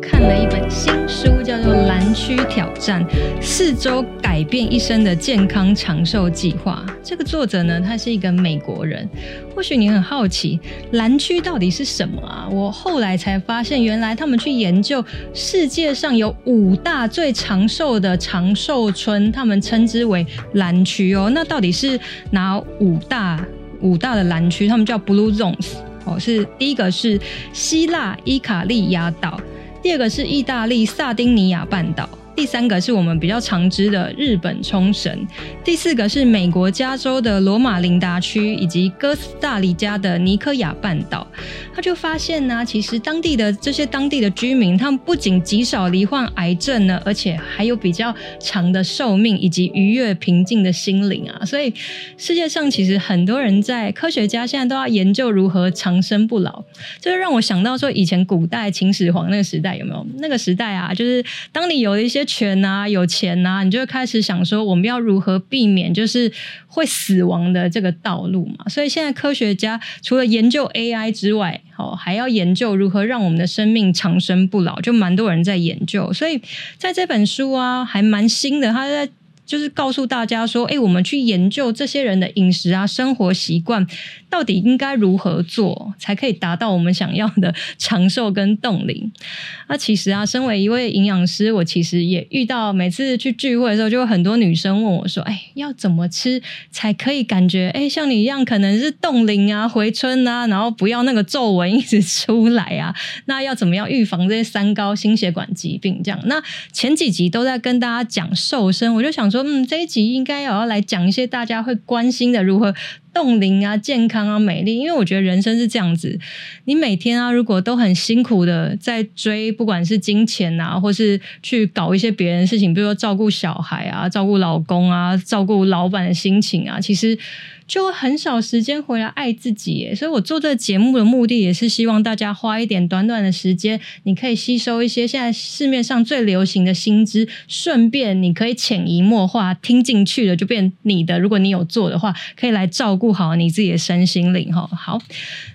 看了一本新書，叫做《藍區挑戰：四周改變一生的健康長壽計劃》。這個作者呢，他是一個美國人。或許你很好奇，藍區到底是什麼啊？我後來才發現，原來他們去研究世界上有五大最長壽的長壽村，他們稱之為藍區哦。那到底是哪五大？五大的藍區，他們叫 Blue Zones 哦。是第一個是希臘伊卡利亞島。第二個是意大利薩丁尼亞半島。第三個是我們比較常知的日本沖繩，第四個是美國加州的羅馬林達區，以及哥斯大黎加的尼科亞半島。他就發現呢、啊，其實當地的這些當地的居民，他們不僅極少罹患癌症呢，而且還有比較長的壽命以及愉悅平靜的心靈啊。所以世界上其實很多人在科學家現在都要研究如何長生不老，這、就是、讓我想到說，以前古代秦始皇那個時代有沒有？那個時代啊，就是當你有一些權啊，有錢啊，你就開始想說，我們要如何避免就是會死亡的這個道路嘛？所以現在科學家除了研究 AI 之外，哦，還要研究如何讓我們的生命長生不老，就蠻多人在研究。所以在這本書啊，還蠻新的，他在就是告訴大家說，哎，我們去研究這些人的飲食啊、生活習慣。到底應該如何做，才可以達到我們想要的長壽跟凍齡？那，啊，其實啊，身為一位營養師，我其實也遇到每次去聚會的時候，就有很多女生問我說：“哎，要怎麼吃才可以感覺哎像你一樣，可能是凍齡啊、回春啊，然後不要那個皺紋一直出來啊？那要怎麼樣預防這些三高、心血管疾病？這樣？那前幾集都在跟大家講瘦身，我就想說，嗯，這一集應該要來講一些大家會關心的如何。”凍齡啊，健康啊，美麗，因為我覺得人生是這樣子，你每天啊，如果都很辛苦的在追，不管是金錢啊，或是去搞一些別人的事情，比如說照顧小孩啊，照顧老公啊，照顧老闆的心情啊，其實。就很少時間回來愛自己，所以我做這個節目的目的也是希望大家花一點短短的時間，你可以吸收一些現在市面上最流行的新知，順便你可以潛移默化聽進去的就變你的。如果你有做的話，可以來照顧好你自己的身心靈哈。好。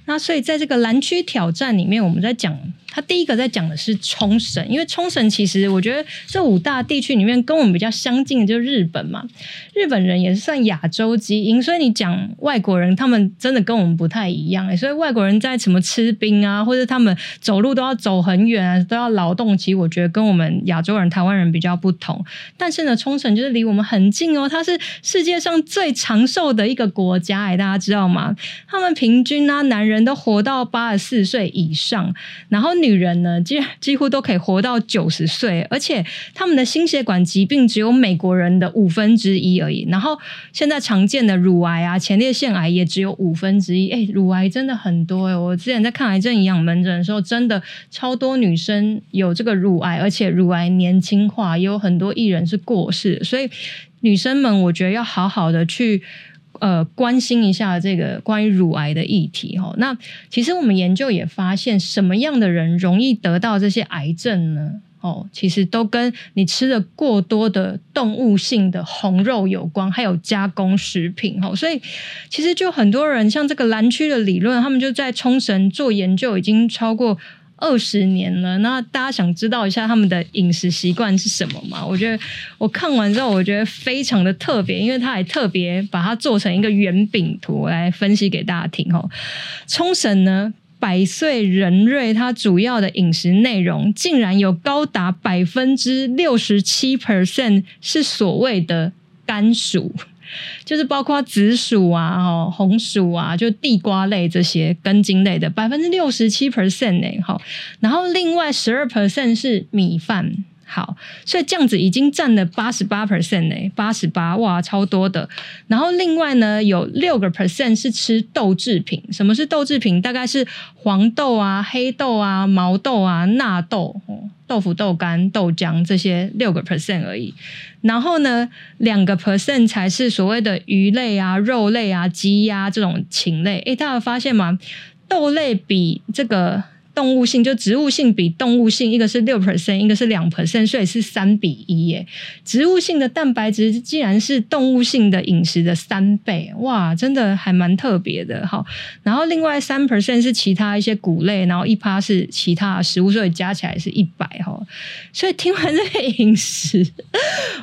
那所以在這個藍區挑戰裡面，我們在講，他第一個在講的是沖繩，因為沖繩其實我覺得這五大地區裡面跟我們比較相近的就是日本嘛，日本人也是算亞洲基因，所以你講外國人，他們真的跟我們不太一樣哎，所以外國人在什麼吃冰啊，或者他們走路都要走很遠啊，都要勞動，其實我覺得跟我們亞洲人、台灣人比較不同。但是呢，沖繩就是離我們很近哦，它是世界上最長壽的一個國家哎，大家知道嗎？他們平均啊，男人。人都活到八十四歲以上，然後女人呢，竟然幾乎都可以活到九十歲，而且他們的心血管疾病只有美國人的五分之一而已。然後現在常見的乳癌啊、前列腺癌也只有五分之一。哎、欸，乳癌真的很多、欸、我之前在看癌症營養門診的時候，真的超多女生有這個乳癌，而且乳癌年輕化也有很多藝人是過世，所以女生們，我覺得要好好的去。呃，關心一下這個關於乳癌的議題哈。那其實我們研究也發現，什麼樣的人容易得到這些癌症呢？哦，其實都跟你吃了過多的動物性的紅肉有關，還有加工食品哈。所以其實就很多人像這個藍區的理論，他們就在沖繩做研究，已經超過。二十年了，那大家想知道一下他們的飲食習慣是什麼嗎？我覺得我看完之後，我覺得非常的特別，因為他還特別把它做成一個圓餅圖，我來分析給大家聽。吼，沖繩呢，百歲人瑞他主要的飲食內容竟然有高達百分之六十七 percent 是所謂的甘薯。就是包括紫薯啊、紅薯啊，就地瓜類這些根莖類的，百分之六十七 percent 欸，好，然後另外十二 percent 是米飯。好，所以這樣子已經占了八十八 percent 哎，八十八哇，超多的。然後另外呢，有六個 percent 是吃豆制品。什麼是豆制品？大概是黃豆啊、黑豆啊、毛豆啊、納豆、哦、豆腐、豆干、豆漿這些六個 percent 而已。然後呢，兩個 percent 才是所謂的魚類啊、肉類啊、雞呀、啊、這種禽類。誒大家發現嗎？豆類比這個。動物性就植物性比動物性，一個是六 percent，一個是兩 percent，所以是三比一耶。植物性的蛋白質竟然是動物性的飲食的三倍，哇，真的還蠻特別的哈。然後另外三 percent 是其他一些谷類，然後一趴是其他食物，所以加起來是一百哈。所以聽完這個飲食，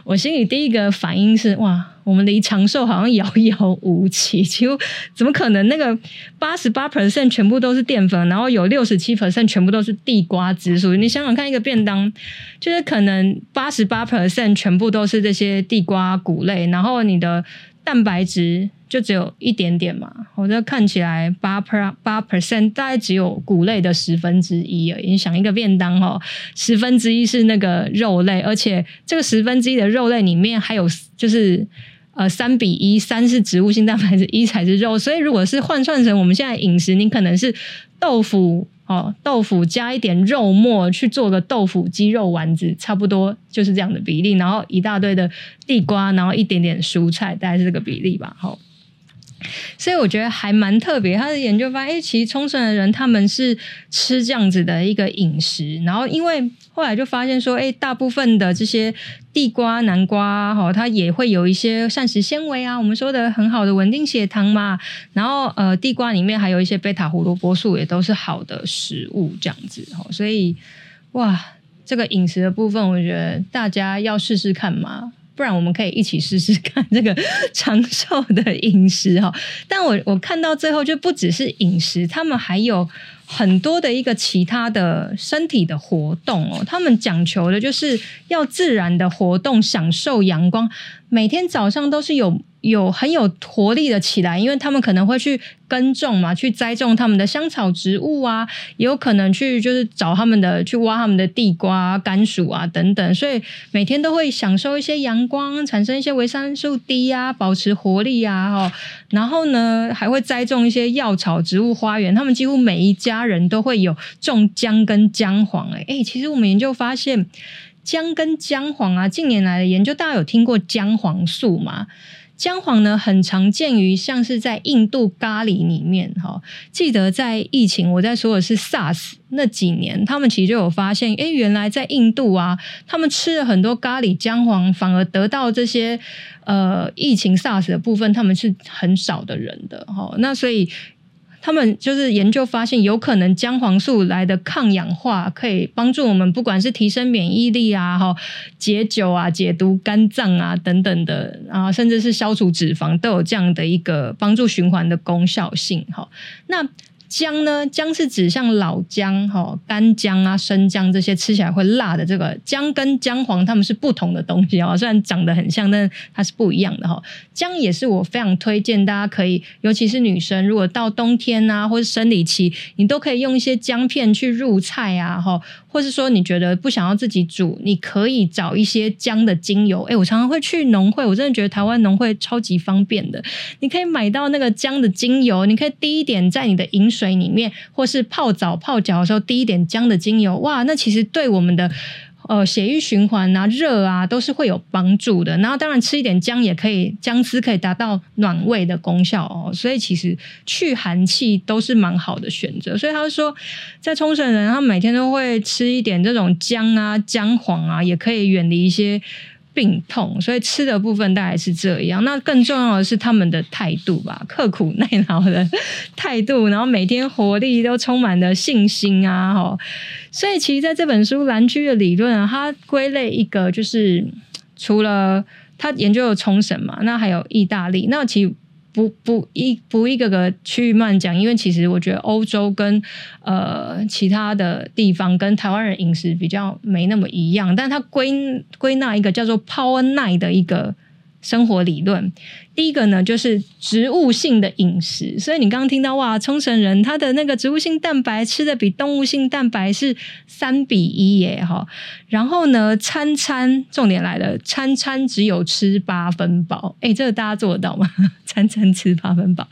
我心裡第一個反應是哇。我們離長壽好像遙遙無期，就怎麼可能？那個八十八%全部都是澱粉，然後有六十七%全部都是地瓜汁。所以你想想看，一個便當就是可能八十八%全部都是這些地瓜穀類，然後你的蛋白質就只有一點點嘛。我覺得看起來八八%大概只有穀類的十分之一而已。你想一個便當哦，十分之一是那個肉類，而且這個十分之一的肉類裡面還有就是。呃，三比一，三是植物性蛋白質，一才是肉。所以，如果是換算成我們現在飲食，你可能是豆腐哦，豆腐加一點肉末去做個豆腐雞肉丸子，差不多就是這樣的比例。然後一大堆的地瓜，然後一點點蔬菜，大概是這個比例吧。好、哦。所以我覺得還蠻特別。他的研究發現，欸、其實沖繩的人他們是吃這樣子的一個飲食。然後，因為後來就發現說，誒、欸，大部分的這些地瓜、南瓜哈、哦，它也會有一些膳食纖維啊，我們說的很好的穩定血糖嘛。然後，呃，地瓜裡面還有一些貝塔胡蘿蔔素，也都是好的食物這樣子、哦、所以，哇，這個飲食的部分，我覺得大家要試試看嘛。不然我們可以一起試試看這個長壽的飲食哈，但我我看到最後就不只是飲食，他們還有。很多的一個其他的身體的活動哦，他們講求的就是要自然的活動，享受陽光。每天早上都是有有很有活力的起來，因為他們可能會去耕種嘛，去栽種他們的香草植物啊，也有可能去就是找他們的去挖他們的地瓜啊、甘薯啊等等。所以每天都會享受一些陽光，產生一些維生素 D 啊，保持活力啊。哦。然後呢，還會栽種一些藥草植物花園，他們幾乎每一家。人都會有種薑跟薑黃，欸，哎、欸，其實我們研究發現，薑跟薑黃啊，近年來的研究，大家有聽過薑黃素嗎？薑黃呢，很常見於像是在印度咖喱裡面，哈、哦。記得在疫情，我在說的是 SARS 那幾年，他們其實就有發現，欸，原來在印度啊，他們吃了很多咖喱薑黃，反而得到這些呃疫情 SARS 的部分，他們是很少的人的，哈、哦。那所以。他們就是研究發現，有可能薑黃素來的抗氧化可以幫助我們，不管是提升免疫力啊、哈解酒啊、解毒肝臟啊等等的啊，甚至是消除脂肪，都有這樣的一個幫助循環的功效性哈。那薑呢？薑是指像老薑、哈、哦、乾薑啊、生薑這些，吃起來會辣的這個薑，跟薑黃它們是不同的東西哦。雖然長得很像，但它是不一樣的哈、哦。薑也是我非常推薦大家可以，尤其是女生，如果到冬天啊或者生理期，你都可以用一些薑片去入菜啊哈。哦或是說你覺得不想要自己煮，你可以找一些薑的精油。誒，我常常會去農會，我真的覺得台灣農會超級方便的。你可以買到那個薑的精油，你可以滴一點在你的飲水裡面，或是泡澡泡腳的時候滴一點薑的精油。哇，那其實對我們的。呃，血液循環啊，熱啊，都是會有幫助的。然後，當然吃一點薑也可以，薑絲可以達到暖胃的功效哦。所以，其實去寒氣都是蠻好的選擇。所以他是說，在沖繩人，他每天都會吃一點這種薑啊、薑黃啊，也可以遠離一些病痛，所以吃的部分大概是這樣。那更重要的是他們的態度吧，刻苦耐勞的態度，然後每天活力都充滿了信心啊！吼，所以其實在這本書《藍區》的理論啊，它歸類一個就是，除了他研究的沖繩嘛，那還有意大利。那其不不一不一個個去慢講，因為其實我覺得歐洲跟呃其他的地方跟台灣人飲食比較沒那麼一樣，但它歸歸納一個叫做 Power 9的一個生活理論。第一個呢，就是植物性的飲食，所以你剛剛聽到哇，沖繩人他的那個植物性蛋白吃的比動物性蛋白是三比一耶，哈。然後呢，餐餐重點來了，餐餐只有吃八分飽，哎、欸，這個大家做得到嗎？呵呵餐餐吃八分飽？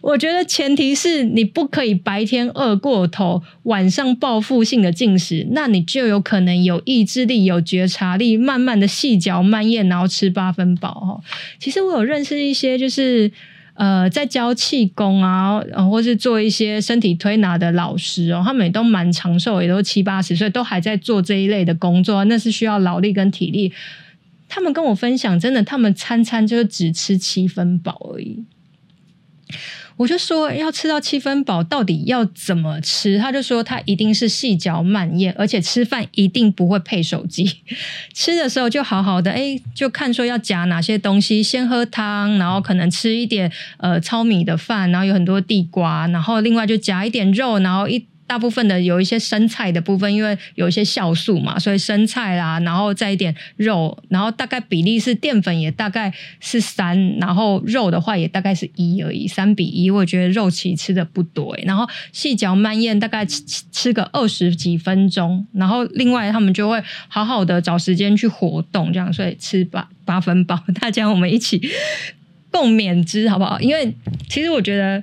我覺得前提是你不可以白天餓過頭，晚上報復性的進食，那你就有可能有意志力、有覺察力，慢慢的細嚼慢嚥，然後吃八分飽。哈，其實我有認識。是一些就是呃在教氣功啊，或是做一些身體推拿的老師哦，他們也都蠻長壽，也都七八十歲都還在做這一類的工作，那是需要勞力跟體力。他們跟我分享，真的他們餐餐就只吃七分飽而已。我就說要吃到七分飽，到底要怎麼吃？他就說他一定是細嚼慢嚥，而且吃飯一定不會配手機，吃的時候就好好的，哎，就看說要夾哪些東西，先喝湯，然後可能吃一點呃糙米的飯，然後有很多地瓜，然後另外就夾一點肉，然後一。大部分的有一些生菜的部分，因為有一些酵素嘛，所以生菜啦，然後再一點肉，然後大概比例是澱粉也大概是三，然後肉的話也大概是一而已，三比一。我覺得肉其實吃的不多，欸，然後細嚼慢嚥，大概吃吃個二十幾分鐘，然後另外他們就會好好的找時間去活動這樣，所以吃八八分飽，大家我們一起共勉之好不好？因為其實我覺得。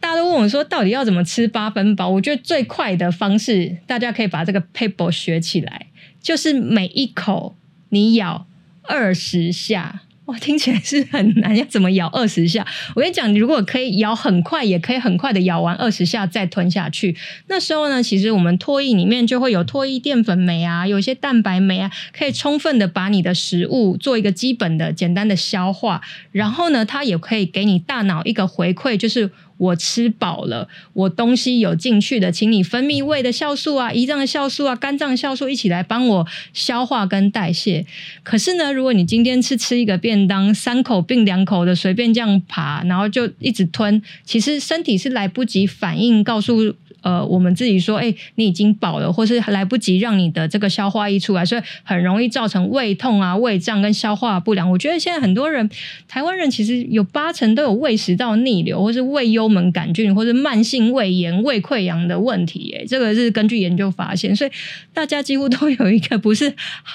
大家都問我說：“到底要怎麼吃八分飽？”我覺得最快的方式，大家可以把這個 paper 學起來，就是每一口你咬二十下。哇，聽起來是很難，要怎麼咬二十下？我跟你講，你如果可以咬很快，也可以很快的咬完二十下再吞下去。那時候呢，其實我們唾液裡面就會有唾液澱粉酶啊，有一些蛋白酶啊，可以充分的把你的食物做一個基本的、簡單的消化。然後呢，它也可以給你大腦一個回饋，就是。我吃飽了，我東西有進去的，請你分泌胃的酵素啊、胰臟的酵素啊、肝臟的酵素一起來幫我消化跟代謝。可是呢，如果你今天是吃一個便當，三口並兩口的隨便這樣爬，然後就一直吞，其實身體是來不及反應，告訴。呃，我們自己說，哎、欸，你已經飽了，或是來不及讓你的這個消化液出來，所以很容易造成胃痛啊、胃脹跟消化不良。我覺得現在很多人，台灣人其實有八成都有胃食道逆流，或是胃幽門桿菌，或是慢性胃炎、胃潰瘍的問題。哎，這個是根據研究發現，所以大家幾乎都有一個不是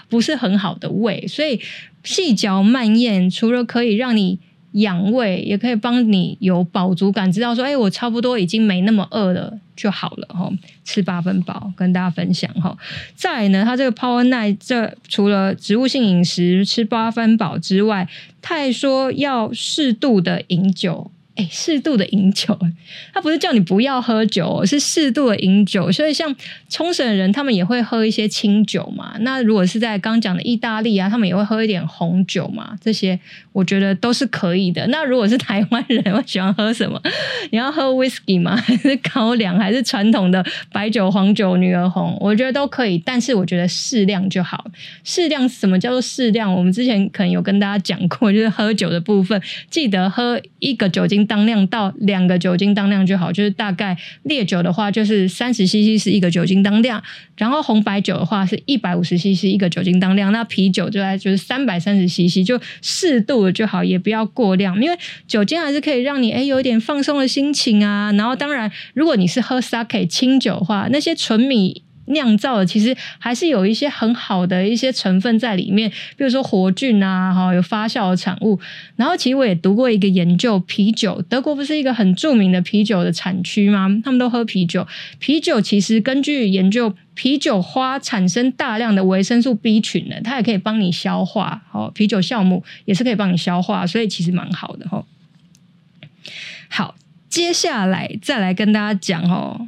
不是很好的胃，所以細嚼慢咽，除了可以讓你。養胃也可以幫你有飽足感，知道說，誒、欸、我差不多已經沒那麼餓了就好了吼，吃八分飽，跟大家分享吼，再呢，他這個 Power 9這除了植物性飲食吃八分飽之外，他還說要適度的飲酒。誒、欸、適度的飲酒，他不是叫你不要喝酒，是適度的飲酒。所以像沖繩人，他們也會喝一些清酒嘛。那如果是在剛講的意大利啊，他們也會喝一點紅酒嘛。這些。我覺得都是可以的。那如果是台灣人，我喜歡喝什麼？你要喝威士忌嗎？還是高粱？還是傳統的白酒、黃酒、女兒紅？我覺得都可以，但是我覺得適量就好。適量什麼叫做適量？我們之前可能有跟大家講過，就是喝酒的部分，記得喝一個酒精當量到兩個酒精當量就好。就是大概烈酒的話，就是三十 CC 是一個酒精當量；然後紅白酒的話是一百五十 CC 一個酒精當量；那啤酒就在就是三百三十 CC 就適度。就好，也不要過量，因為酒精還是可以讓你哎、欸、有一點放鬆的心情啊。然後，當然，如果你是喝 sake 清酒的話，那些純米。釀造的其實還是有一些很好的一些成分在裡面，比如說活菌啊，哈，有發酵的產物。然後其實我也讀過一個研究，啤酒，德國不是一個很著名的啤酒的產區嗎？他們都喝啤酒，啤酒其實根據研究，啤酒花產生大量的維生素 B 群呢，它也可以幫你消化，哦，啤酒酵母也是可以幫你消化，所以其實蠻好的哈。好，接下來再來跟大家講哦。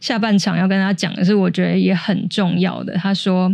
下半場要跟他講的是，我覺得也很重要的。他說：“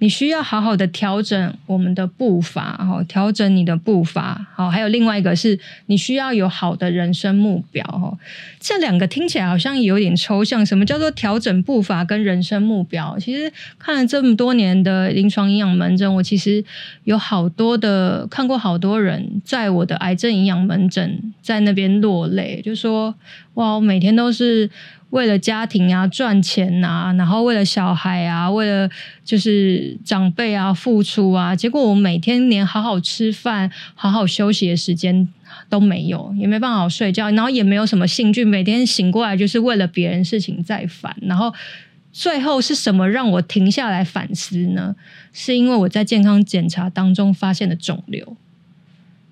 你需要好好的調整我們的步伐，好，調整你的步伐，好。還有另外一個是，你需要有好的人生目標，哦，這兩個聽起來好像有點抽象。什麼叫做調整步伐跟人生目標？其實看了這麼多年的臨床營養門診，我其實有好多的看過好多人在我的癌症營養門診在那邊落淚，就說：‘哇，我每天都是’。”為了家庭啊，賺錢啊，然後為了小孩啊，為了就是長輩啊付出啊，結果我每天連好好吃飯、好好休息的時間都沒有，也沒辦法睡覺，然後也沒有什麼興趣，每天醒過來就是為了別人事情在煩。然後最後是什麼讓我停下來反思呢？是因為我在健康檢查當中發現了腫瘤，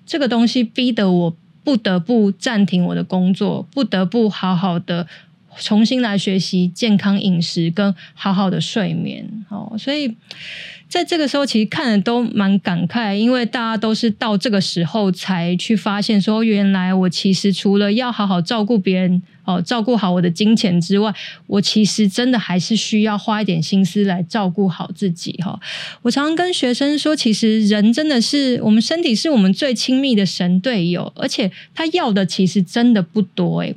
這個東西逼得我不得不暫停我的工作，不得不好好的。重新來學習健康飲食跟好好的睡眠，哦，所以。在這個時候，其實看的都蠻感慨，因為大家都是到這個時候才去發現說，說原來我其實除了要好好照顧別人，哦，照顧好我的金錢之外，我其實真的還是需要花一點心思來照顧好自己。哈、哦，我常常跟學生說，其實人真的是，我們身體是我們最親密的神隊友，而且他要的其實真的不多、欸，誒，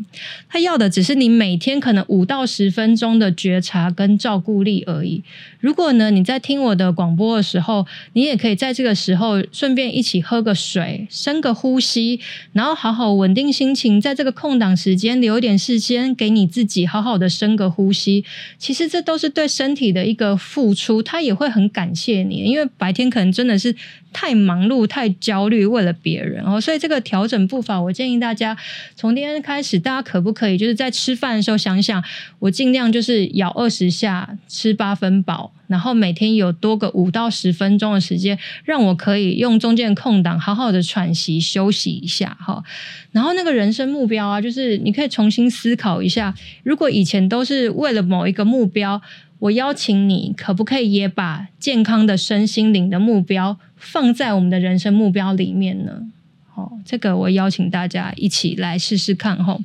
他要的只是你每天可能五到十分鐘的覺察跟照顧力而已。如果呢，你在聽我的。廣播的時候，你也可以在這個時候順便一起喝個水，深個呼吸，然後好好穩定心情。在這個空檔時間，留一點時間給你自己，好好的深個呼吸。其實這都是對身體的一個付出，他也會很感謝你。因為白天可能真的是太忙碌、太焦慮，為了別人哦，所以這個調整步伐，我建議大家從今天開始，大家可不可以就是在吃飯的時候想想，我盡量就是咬二十下，吃八分飽。然後每天有多個五到十分鐘的時間，讓我可以用中間的空檔好好的喘息休息一下哈。然後那個人生目標啊，就是你可以重新思考一下，如果以前都是為了某一個目標，我邀請你，可不可以也把健康的身心靈的目標放在我們的人生目標裡面呢？哦，這個我邀請大家一起來試試看哈。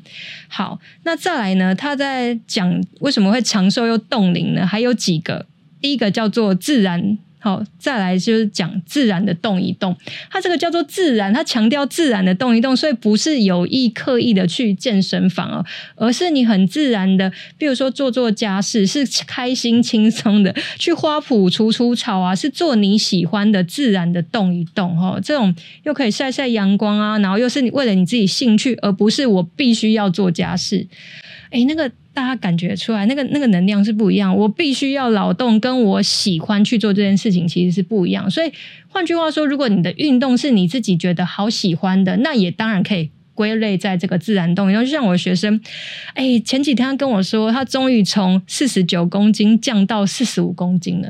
好，那再來呢？他在講為什麼會長壽又凍齡呢？還有幾個？第一個叫做自然，好，再來就是講自然的動一動。它這個叫做自然，它強調自然的動一動，所以不是有意刻意的去健身房，而是你很自然的，比如說做做家事，是開心輕鬆的，去花圃除除草啊，是做你喜歡的自然的動一動哈。這種又可以曬曬陽光啊，然後又是你為了你自己興趣，而不是我必須要做家事。哎，那個大家感覺出來，那個那個能量是不一樣。我必須要勞動，跟我喜歡去做這件事情其實是不一樣。所以換句話說，如果你的運動是你自己覺得好喜歡的，那也當然可以歸類在這個自然動力。就像我學生，哎，前幾天跟我說，他終於從四十九公斤降到四十五公斤了，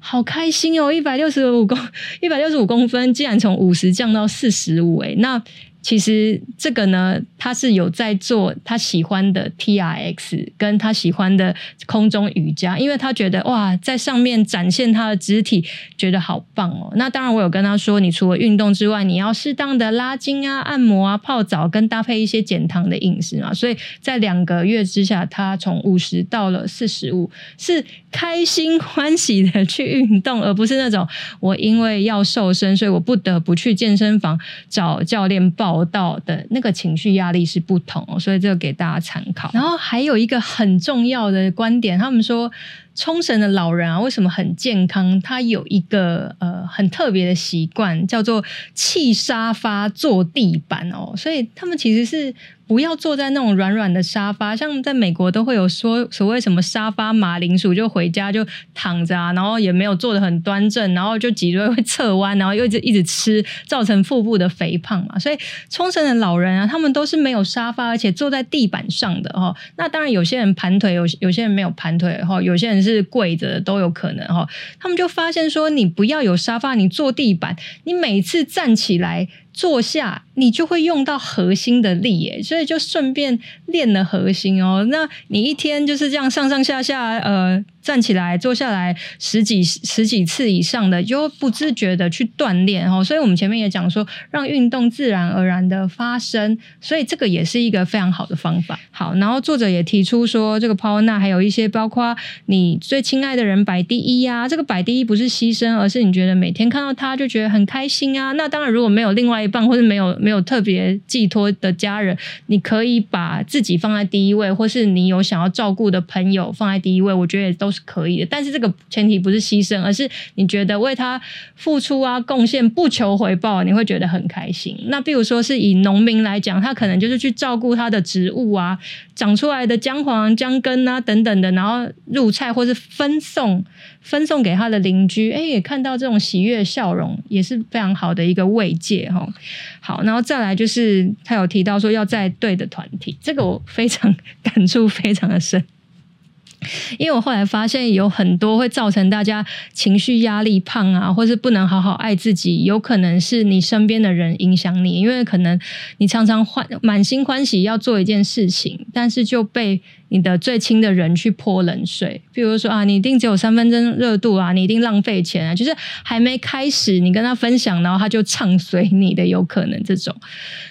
好開心哦！一百六十五公一百六十五公分，竟然從五十降到四十五，哎，那。其實這個呢，他是有在做他喜歡的 TRX，跟他喜歡的空中瑜伽，因為他覺得哇，在上面展現他的肢體，覺得好棒哦。那當然，我有跟他說，你除了運動之外，你要適當的拉筋啊、按摩啊、泡澡，跟搭配一些減糖的飲食嘛。所以在兩個月之下，他從五十到了四十五，是開心歡喜的去運動，而不是那種我因為要瘦身，所以我不得不去健身房找教練報。熬到的那個情緒壓力是不同，所以這個給大家參考。然後還有一個很重要的觀點，他們說沖繩的老人啊，為什麼很健康？他有一個呃很特別的習慣，叫做棄沙發坐地板哦，所以他們其實是。不要坐在那種軟軟的沙發，像在美國都會有說所謂什麼沙發馬鈴薯，就回家就躺着，啊，然後也沒有坐得很端正，然後就脊椎會側彎，然後又一直一直吃，造成腹部的肥胖嘛。所以沖繩的老人啊，他們都是沒有沙發，而且坐在地板上的哈。那當然有些人盤腿，有有些人沒有盤腿哈，有些人是跪着的都有可能哈。他們就發現說，你不要有沙發，你坐地板，你每次站起來，坐下，你就會用到核心的力耶，所以就順便練了核心哦。那你一天就是這樣上上下下，呃。站起來，坐下來十幾十幾次以上的，就不自覺的去鍛鍊哦。所以我們前面也講說，讓運動自然而然的發生，所以這個也是一個非常好的方法。好，然後作者也提出說，這個 Power 9還有一些，包括你最親愛的人擺第一呀、啊。這個擺第一不是犧牲，而是你覺得每天看到他就覺得很開心啊。那當然，如果沒有另外一半，或者沒有沒有特別寄託的家人，你可以把自己放在第一位，或是你有想要照顧的朋友放在第一位。我覺得也都。是可以的，但是這個前提不是犧牲，而是你覺得為他付出啊、貢獻不求回報，你會覺得很開心。那比如說是以農民來講，他可能就是去照顧他的植物啊，長出來的薑黃、薑根啊等等的，然後入菜或是分送分送給他的鄰居，哎，也看到這種喜悅笑容，也是非常好的一個慰藉哈。好，然後再來就是他有提到說要在對的團體，這個我非常感觸非常的深。因為我後來發現，有很多會造成大家情緒壓力、胖啊，或是不能好好愛自己。有可能是你身邊的人影響你，因為可能你常常歡滿心歡喜要做一件事情，但是就被你的最親的人去潑冷水。比如說啊，你一定只有三分鐘熱度啊，你一定浪費錢啊，就是還沒開始，你跟他分享，然後他就唱衰你的，有可能這種。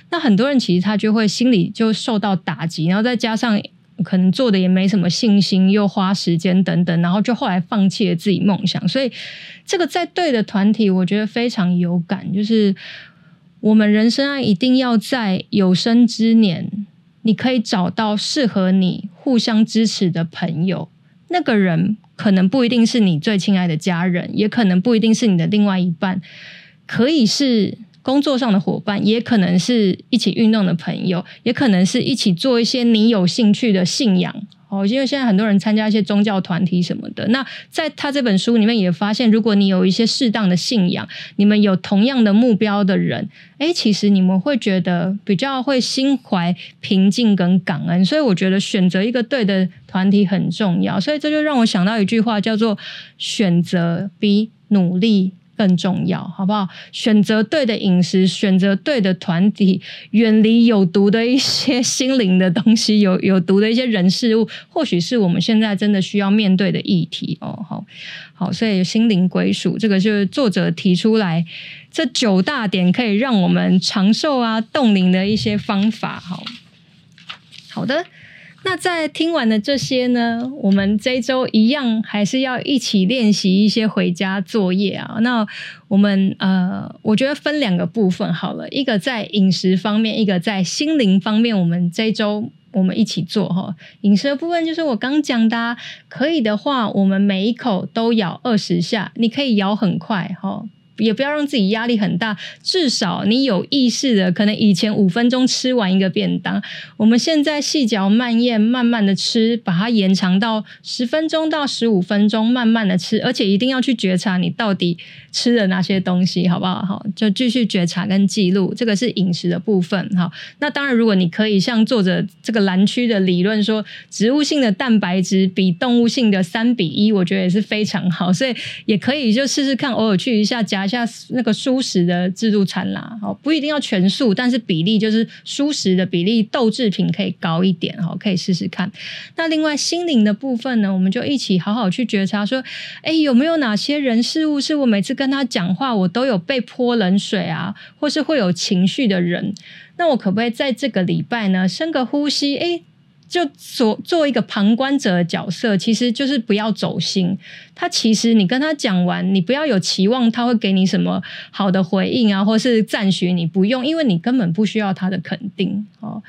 那很多人其實他就會心裡就受到打擊，然後再加上。可能做的也沒什麼信心，又花時間等等，然後就後來放棄了自己夢想。所以這個在對的團體，我覺得非常有感，就是我們人生啊，一定要在有生之年，你可以找到適合你互相支持的朋友。那個人可能不一定是你最親愛的家人，也可能不一定是你的另外一半，可以是。工作上的伙伴，也可能是一起運動的朋友，也可能是一起做一些你有興趣的信仰。哦，因為現在很多人參加一些宗教團體什麼的。那在他這本書裡面也發現，如果你有一些適當的信仰，你們有同樣的目標的人，哎，其實你們會覺得比較會心懷平靜跟感恩。所以我覺得選擇一個對的團體很重要。所以這就讓我想到一句話，叫做“選擇比努力”。更重要，好不好？選擇對的飲食，選擇對的團體，遠離有毒的一些心靈的東西，有有毒的一些人事物，或許是我們現在真的需要面對的議題哦。好，好，所以心靈歸屬，這個就是作者提出來這九大點，可以讓我們長壽啊、凍齡的一些方法。好，好的。那在聽完了這些呢，我們這周一樣還是要一起練習一些回家作業啊。那我們呃，我覺得分兩個部分好了，一個在飲食方面，一個在心靈方面。我們這周我們一起做哈。飲食的部分就是我剛講的，可以的話，我們每一口都咬二十下，你可以咬很快哈。也不要讓自己壓力很大，至少你有意識的，可能以前五分鐘吃完一個便當，我們現在細嚼慢嚥，慢慢的吃，把它延長到十分鐘到十五分鐘，慢慢的吃，而且一定要去覺察你到底吃了哪些東西，好不好？好，就繼續覺察跟記錄，這個是飲食的部分。好，那當然，如果你可以像作者這個藍區的理論說，植物性的蛋白質比動物性的三比一，我覺得也是非常好，所以也可以就試試看，偶爾去一下家。像那個蔬食的自助餐啦，好，不一定要全素，但是比例就是蔬食的比例，豆製品可以高一點哦，可以試試看。那另外心靈的部分呢，我們就一起好好去覺察，說，哎、欸，有沒有哪些人事物是我每次跟他講話，我都有被潑冷水啊，或是會有情緒的人？那我可不可以在這個禮拜呢，深個呼吸？哎、欸。就做為一個旁觀者的角色，其實就是不要走心。他其實你跟他講完，你不要有期望他會給你什麼好的回應啊，或是讚許你。不用，因為你根本不需要他的肯定。哦，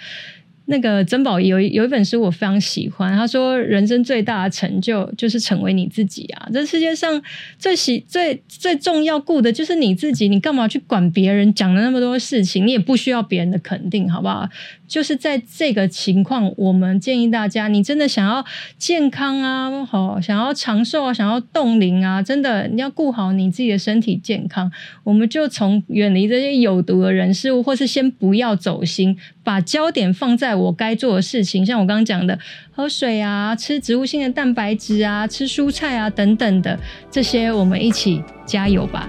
那個曾寶儀有一有一本書我非常喜歡，他說：“人生最大的成就就是成為你自己啊！這世界上最喜最最重要顧的就是你自己，你幹嘛去管別人講了那麼多事情？你也不需要別人的肯定，好不好？”就是在這個情況，我們建議大家，你真的想要健康啊，好、哦，想要長壽啊，想要凍齡啊，真的你要顧好你自己的身體健康，我們就從遠離這些有毒的人事物，或是先不要走心，把焦點放在我該做的事情。像我剛剛講的，喝水啊，吃植物性的蛋白質啊，吃蔬菜啊等等的這些，我們一起加油吧。